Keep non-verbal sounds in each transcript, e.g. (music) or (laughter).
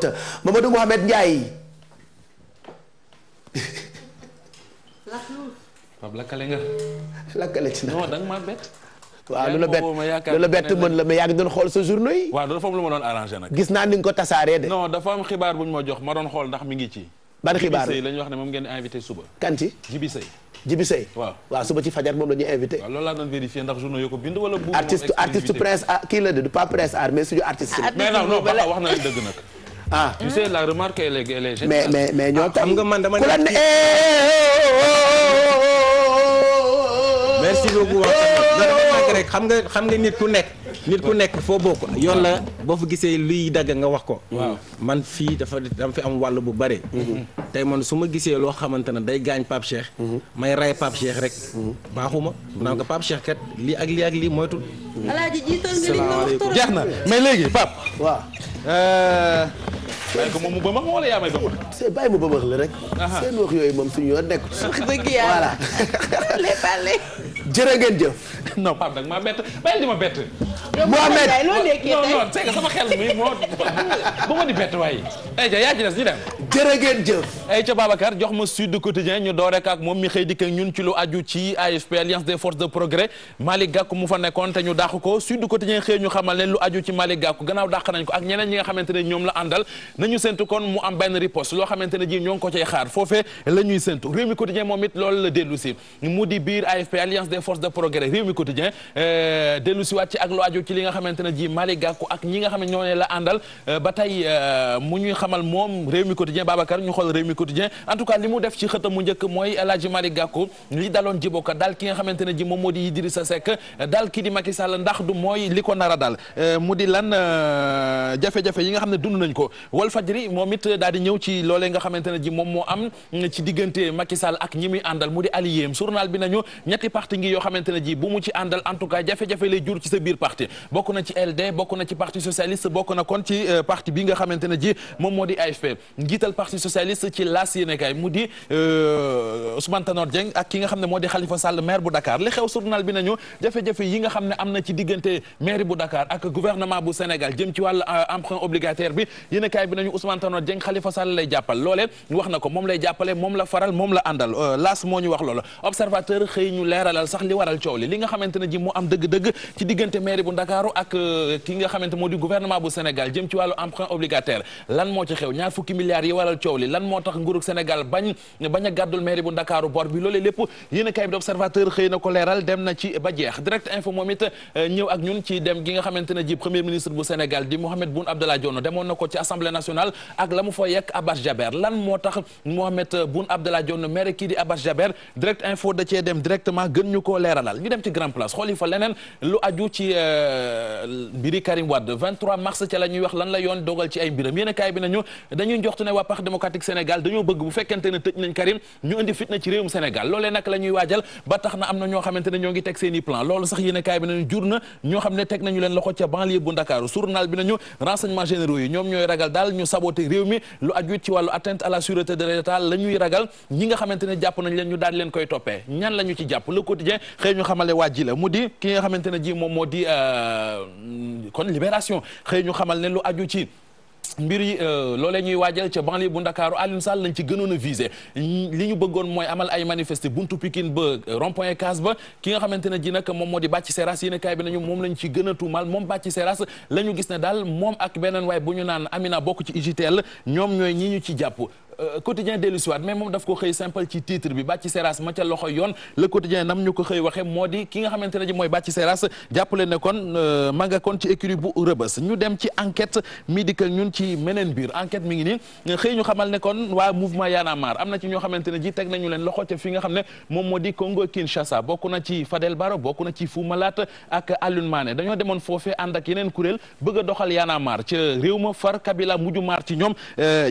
Lot Mamadou Mouhamed Ndiaye. Pape lakkale nga. lakkale ci na non danga maa bett. waaw lu la bett lu mën la mais yaa ngi doon xool sa journaux yi. waaw dafa am lu ma doon arrangé nag. gis naa ni nga ko tasaaree de. non dafa xibaar bu ñu ma jox ma doon xool ndax mi ngi ci. ban xibaar lañu Seye wax ne moom ngeen di invité suba. kan ci Jibi Seye. Jibi Seye waaw suba ci fajar moom la ñuy invité. loolu laa doon vérifié ndax journaux yoo ko bind wala. bu artiste artiste prince ah, kii la de du pas prince art mais wax na dëgg nag. ah tu sais la remarque elle est elle est mais mais mais ñoo tam xam nga man dama ne ku la ne merci beaucoup rek xam nga xam nga nit ku nekk nit ku nekk foo bokk yoon la boo fa gisee luy dagg nga wax ko man fii dafa dama fi am wàll bu bare tey man su ma gisee loo xamante ne day gaañ Pape Cheikh may ray Pape Cheikh rek baaxuma naa ko Pape Cheikh kat lii ak lii ak lii moytul alaaji jiital nga li nga wax jeex na mais léegi Pape waaw bàyyi ko moom mu bëmëx wala yaa may bëmëx. c'est bàyyi mu bëmëx la rek. seen wax yooyu moom suñu yoon nekkul. wax dëgg yàlla voilà. (laughs) bale jërë ngeen jëf. non Pape nag maa bett bàyyi di ma bett. Mohamed non non c'est que sama xel mi moo bu ma di bett waaye. Eh, ayca yaa ci des ñu dem. jërë ngeen jëf. ay ca Babacar jox ma Sud Quotidien ñu door rek ak moom mi xëy dikk ñun ci lu aju ci AFP Alliance des forces de progrès Malick Gakou mu fa nekkoon te ñu dàq ko Sud Quotidien xëy ñu xamal ne lu aju ci Malick Gakou gannaaw dàq nañ nañu séntu kon mu am benn riposte loo xamante ne ji ñoo ngi ko cay xaar foofee la ñuy séntu réew mi quotidien moom it loolu la si mu di biir AFP Alliance des forces de progrès réew mi quotidien euh, dellu si wàcc ak lu aju quotidien Babacar ñu xool réew mi quotidien en li mu def ci xëtam mu njëkk mooy El Hadji Malick li daloon Djibo Ka ki nga xamante ji moom moo di Idrissa Seck daal ki di Macky ndax du mooy li ko nar a daal euh, mu di lan euh, jafe-jafe yi nga xam ne dund nañ ko Walf Fadjri moom ji moom moo am ci diggante Macky ak ñi muy àndal mu di alliéem journal bi nañu ñetti parti ngi yoo xamante ji bu mu ci àndal en jafe-jafe lay jur ci sa biir parti bokk na ci LD bokk na ci parti socialiste njiital parti socialiste ci laas yéene mu di euh, Ousmane Tanor Dieng ak ki nga xam ne moo di Khalifa Sall maire bu Dakar li xew journal bi nañu jafe-jafe yi nga xam ne am na ci diggante maire bu Dakar ak gouvernement bu Sénégal jëm ci wàllu euh, emprunt bi yéene kaay bi nañu Ousmane Tanor Dieng Khalifa Sall lay jàppal loolee wax na ko moom lay jàppale la faral moom la àndal euh, laas moo ñu wax loola observateur xëy ñu leeralal sax li waral coow nga xamante ne ji moo am dëgg-dëgg ci diggante di gouvernement bu Sénégal jëm ci wàllu emprunt obligataire lan moo ci xew ñaar fukki milliards yi waral coow li lan moo tax nguurug Sénégal bañ bañ a gàddul mairie bu Ndakaaru bor bi lépp yéen a kaay bi observateur xëy na ko leeral dem na ci ba jeex direct info moom it euh, ñëw ak ñun ci dem gi nga xamante ne ji premier ministre bu Sénégal di Mohamed Boun Abdallah Dionne demoon na ko ci assemblée nationale ak la mu fa yekk Abbas Jaber lan moo tax Mohamed Boun Abdallah Dionne maire kii di Jaber direct info da cee dem directement gën ñu koo leeralal ñu dem ci grand euh, a Parti démocratique Sénégal dañoo bëgg bu fekkente ne tëj nañ Karim ñu indi fitna ci réewum Sénégal loolee nag la ñuy waajal ba tax na am na ñoo xamante ne ñoo ngi teg seen i plan loolu sax yéene kaay bi nañu jur ñoo xam teg nañu leen loxo ca banlieue bu Ndakaaru journal bi nañu renseignements généraux yi ñoom ñooy ragal daal ñu saboté réew mi lu aju ci wàllu atteinte à la sûreté de l'État la ñuy ragal ñi nga xamante ne jàpp nañ leen ñu daal leen koy toppee ñan la ñu ci jàpp le quotidien xëy ji la mu di ki nga xamante ne ji moom moo di euh, kon libération xëy ñu xamal ne lu aju ci mbir yi euh, loolee ñuy waajal ca banlieue bu Ndakaaru Alioune Sall lañ ci gënoon a visé li ñu bëggoon mooy amal ay manifesté buntu Pikine ba euh, rond-point Case ba ki nga xamante ne ji nag moom moo di Bathie Seras yéen a kaay bi nañu moom lañ ci gën a tuumal moom Bathie Seras la ñu gis ne daal moom ak beneen waay bu ñu naan Amina bokk ci UGTL ñoom ñooy ñi ñu ci jàpp Euh, quotidien dellu siwaat mais moom daf ko xëy simple ci titre bi Bathie Seras ma ca loxo yoon le quotidien nam ñu ko xëy waxe moo di ki nga xamante ne ji mooy Bathie Seras jàppale ne kon euh, ma kon ci écurie bu rëbës ñu dem ci enquête mi dikk ak ñun ci meneen biir enquête mi ngi nii xëy ñu xamal ne kon waa mouvement Y en a marre am na ci ñoo xamante ne ji teg nañu leen loxo ca fi nga xam ne moom moo di Congo Kinshasa bokk na ci Fadel Barro bokk na ci Fou Malade ak Alioune Y en a marre ma far Kabila mujj maar ci euh,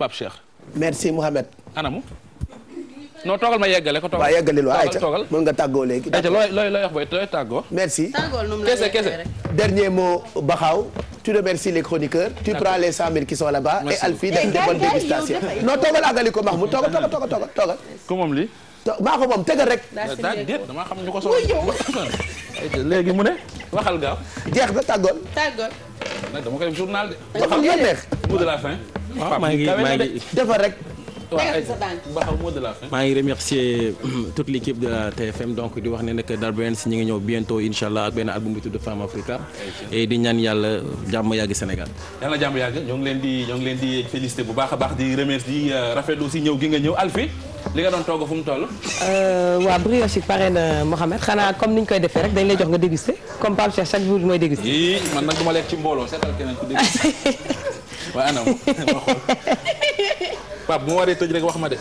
Pape Cheikh. merci Mouhamed. anamu. non ma yeggale ko. toogal waaw yeggalil waaw ayca mën nga tàggoo léegi. ayca looy looy looy wax booy looy tàggoo. merci kese kese. dernier mot Baxaw. tu remercies les chroniqueurs. tu prends les 100000 qui sont là-bas. et Alfie def de bonne dégustation. non toogal àggali ko Mahmoud toogal toogal toogal toogal. ku moom lii. maa ko moom tëgal rek. damaa xam ñu ko soxla. (laughs) léegi mu ne. waxal gaaw. jeex na tàggoon. tàggoon. nag dama koy journal de. waxal nga neex. waaw maa ngi maa ngi defar rek. maa ngi remercier toute l'équipe de la TFM donc di wax ne nag Darbrens ñu ngi ñëw bientôt incha allah ak benn album bi tudd Africa di ñaan yàlla jàmm yàgg Sénégal yàlla jàmb yàgg ñoo ngi leen di ñoo ngi leen di féliciter bu baax a baax di remercier euh, rafetlu aussi ñëw gi nga ñëw Alfi li nga doon togg fu mu toll euh, waaw brioche yi pare na Mohamed xanaa comme ni ñu koy defee rek dañ lay jox nga déguster comme Pape Cheikh chaque jour mooy déguster man nag du ma lekk ci mbooloo (laughs) waa anam (laughs) Pape bu ma waree tëj rek wax ma de.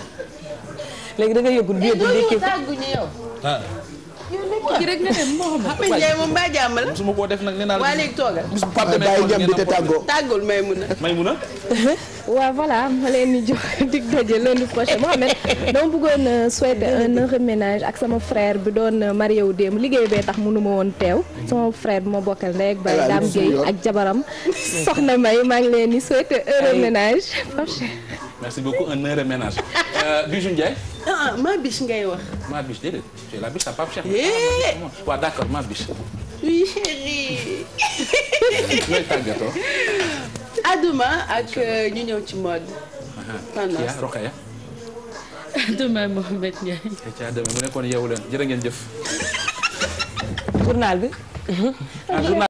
léegi da nga yóbbu yóbbu ndékki. yow ji rek nga ne moom baa jàmm la su koo def léegi toogal bis bu Pape demee bàyyi jëm bi te tàggoo tàggul (laughs) voilà ma leen di jox (laughs) dig daje lundi prochain Mohamed dama bëggoon euh, souhaiter un heureux ak sama frère bi doon euh, marié wu démb liggéey bee tax mënu woon teew sama frère bi ma bokkal rek bay Dame Gueye ak jabaram (laughs) soxna May maa ngi leen di souhaiter heureux ménage merci beaucoup un heure ménage. Euh, Bijou Ndiaye. Ah, ah ma biche ngay wax. ma biche déedéet la biche sa Pape Cheikh. waaw d'accord ma biche. oui chérie. looy (laughs) tàggatoo. à demain ak euh, ñu ñëw ci mode. pendant ah, ce Rokhaya. à demain Mohamed Ndiaye. à eh, demain mu nekkoon yeewu leen jërë ngeen